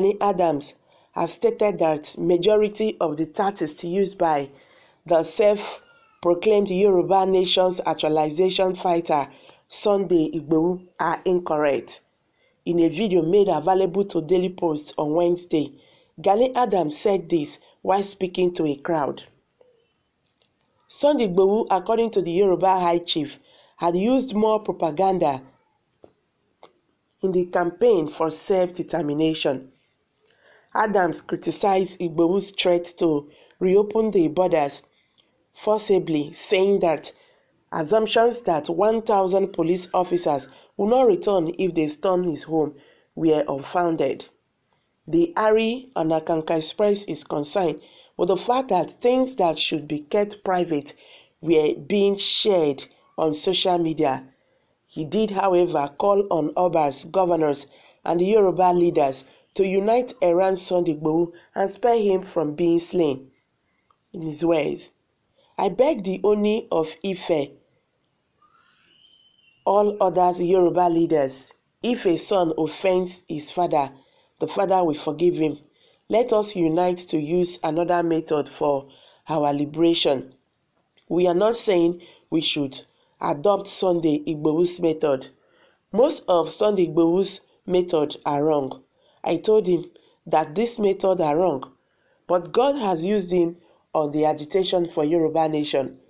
Gani Adams has stated that majority of the tactics used by the self-proclaimed Yorùbá nation's actualization fighter Sunday Igboho are incorrect. In a video made available to Daily Post on Wednesday, Gani Adams said this while speaking to a crowd. Sunday Igboho, according to the Yorùbá High Chief, had used more propaganda in the campaign for self-determination Adams criticized Igbo's threat to reopen the borders forcibly, saying that assumptions that 1,000 police officers would not return if they stormed his home were unfounded. The Ari Anakanka Express is concerned with the fact that things that should be kept private were being shared on social media. He did, however, call on Oba's governors and Yoruba leaders to unite around Sunday Igboho and spare him from being slain. In his words, I beg the Oni of Ife, all other Yoruba leaders, if a son offends his father, the father will forgive him. Let us unite to use another method for our liberation. We are not saying we should adopt Sunday Igbohu's method. Most of Sunday Igbohu's methods are wrong. I told him that this method are wrong, but God has used him on the agitation for Yoruba nation.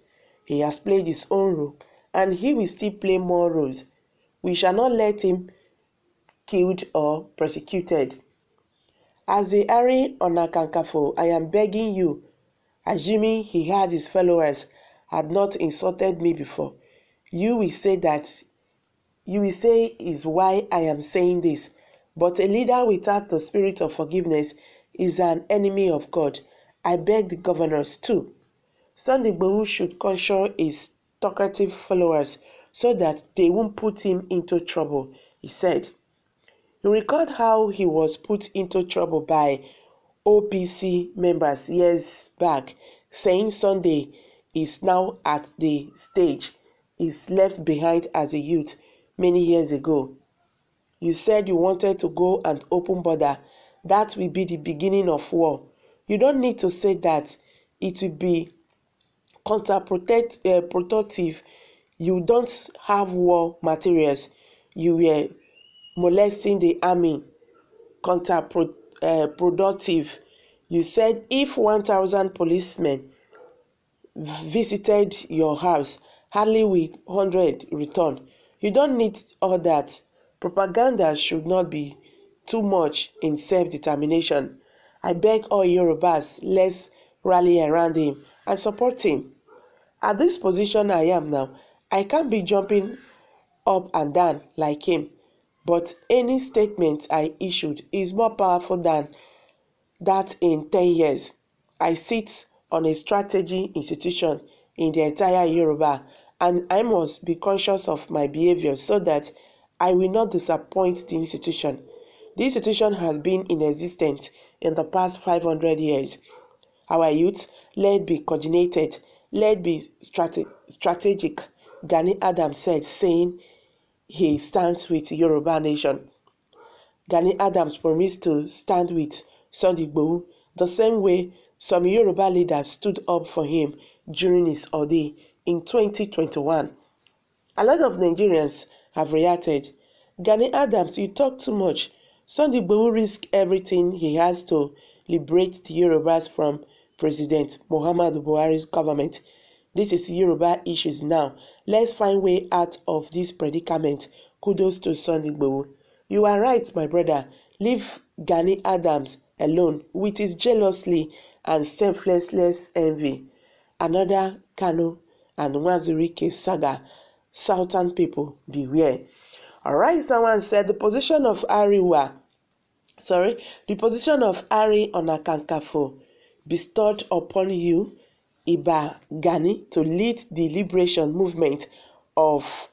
He has played his own role and he will still play more roles. We shall not let him killed or prosecuted. As the Ari Onakankafo, I am begging you, assuming he had his followers had not insulted me before, you will say that you will say is why I am saying this but a leader without the spirit of forgiveness is an enemy of God. I beg the governors too. Sunday Igboho should censure his talkative followers so that they won't put him into trouble, he said. He recalled how he was put into trouble by OPC members years back, saying Sunday is now at the stage is left behind as a youth many years ago. You said you wanted to go and open border. That will be the beginning of war. You don't need to say that. It will be counterproductive. Eh, you don't have war materials. You were molesting the army. Counterproductive. Eh, you said if 1,000 policemen visited your house, hardly will 100 return. You don't need all that. Propaganda should not be too much in self-determination. I beg all Yorubas, let's rally around him and support him. At this position I am now, I can't be jumping up and down like him, but any statement I issued is more powerful than that in 10 years. I sit on a strategy institution in the entire Yoruba and I must be conscious of my behavior so that I will not disappoint the institution. The institution has been in existence in the past 500 years. Our youth, let be coordinated, let be strate- strategic, Gani Adams said, saying he stands with Yoruba nation. Gani Adams promised to stand with Sunday Igbohu the same way some Yoruba leaders stood up for him during his ordeal in 2021. A lot of Nigerians have reacted. Gani Adams, you talk too much. Sunday Igboho risk everything he has to liberate the Yorubas from President Muhammadu Buhari's government. This is Yoruba issues now. Let's find way out of this predicament. Kudos to Sunday Igboho. You are right, my brother. Leave Gani Adams alone with his jealously and selfless envy. Another Kanu and Wazurike saga southern people beware all right someone said the position of ariwa sorry the position of ari on onakankafo bestowed upon you iba gani to lead the liberation movement of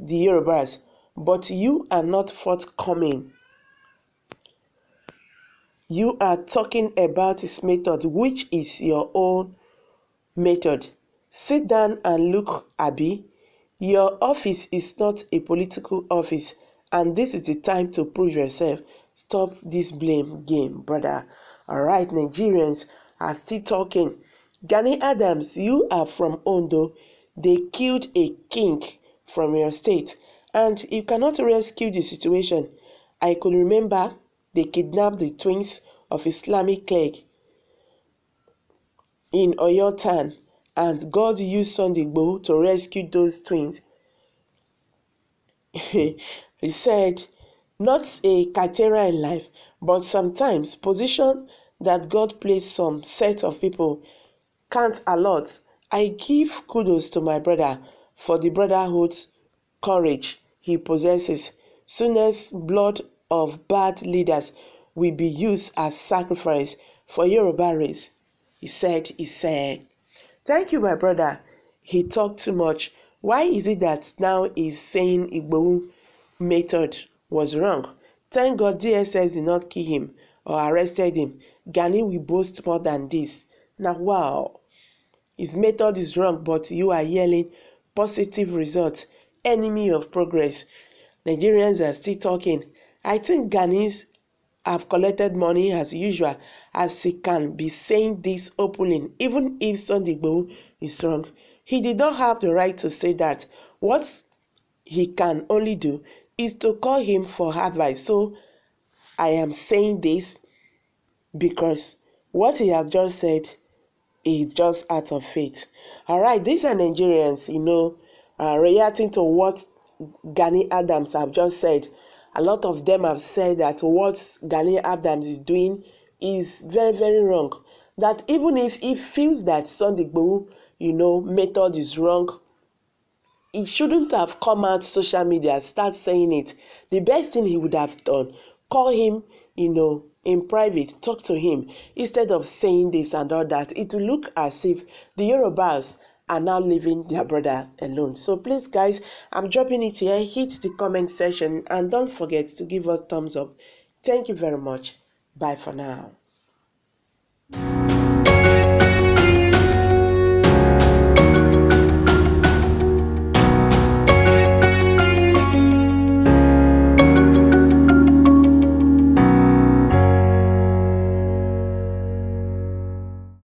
the yorubas but you are not forthcoming you are talking about his method which is your own method sit down and look abi Your office is not a political office and this is the time to prove yourself. Stop this blame game, brother. All right, Nigerians are still talking. Gani Adams, you are from Ondo. They killed a king from your state and you cannot rescue the situation. I could remember they kidnapped the twins of Islamic clergy in Oyo town and God used Sunday Igboho to rescue those twins. he said, Not a criteria in life, but sometimes position that God placed some set of people can't allot. I give kudos to my brother for the brotherhood courage he possesses. as blood of bad leaders will be used as sacrifice for your race. He said, he said. Thank you, my brother. He talked too much. Why is it that now he's saying Igbo method was wrong? Thank God DSS did not kill him or arrested him. Gani will boast more than this. Now, wow. His method is wrong, but you are yelling positive results, enemy of progress. Nigerians are still talking. I think Ghanese have collected money as usual as he can be saying this openly even if Sunday Igboho is wrong. He did not have the right to say that. What he can only do is to call him for advice. So I am saying this because what he has just said is just out of faith. All right, these are Nigerians, you know, uh, reacting to what Gani Adams have just said a lot of them have said that what Gani Adams is doing is very, very wrong. That even if he feels that Sunday Igboho, you know, method is wrong, he shouldn't have come out social media start saying it. The best thing he would have done, call him, you know, in private, talk to him instead of saying this and all that. It will look as if the Yorubas are now leaving their brother alone. So please, guys, I'm dropping it here. Hit the comment section and don't forget to give us thumbs up. Thank you very much. Bye for now.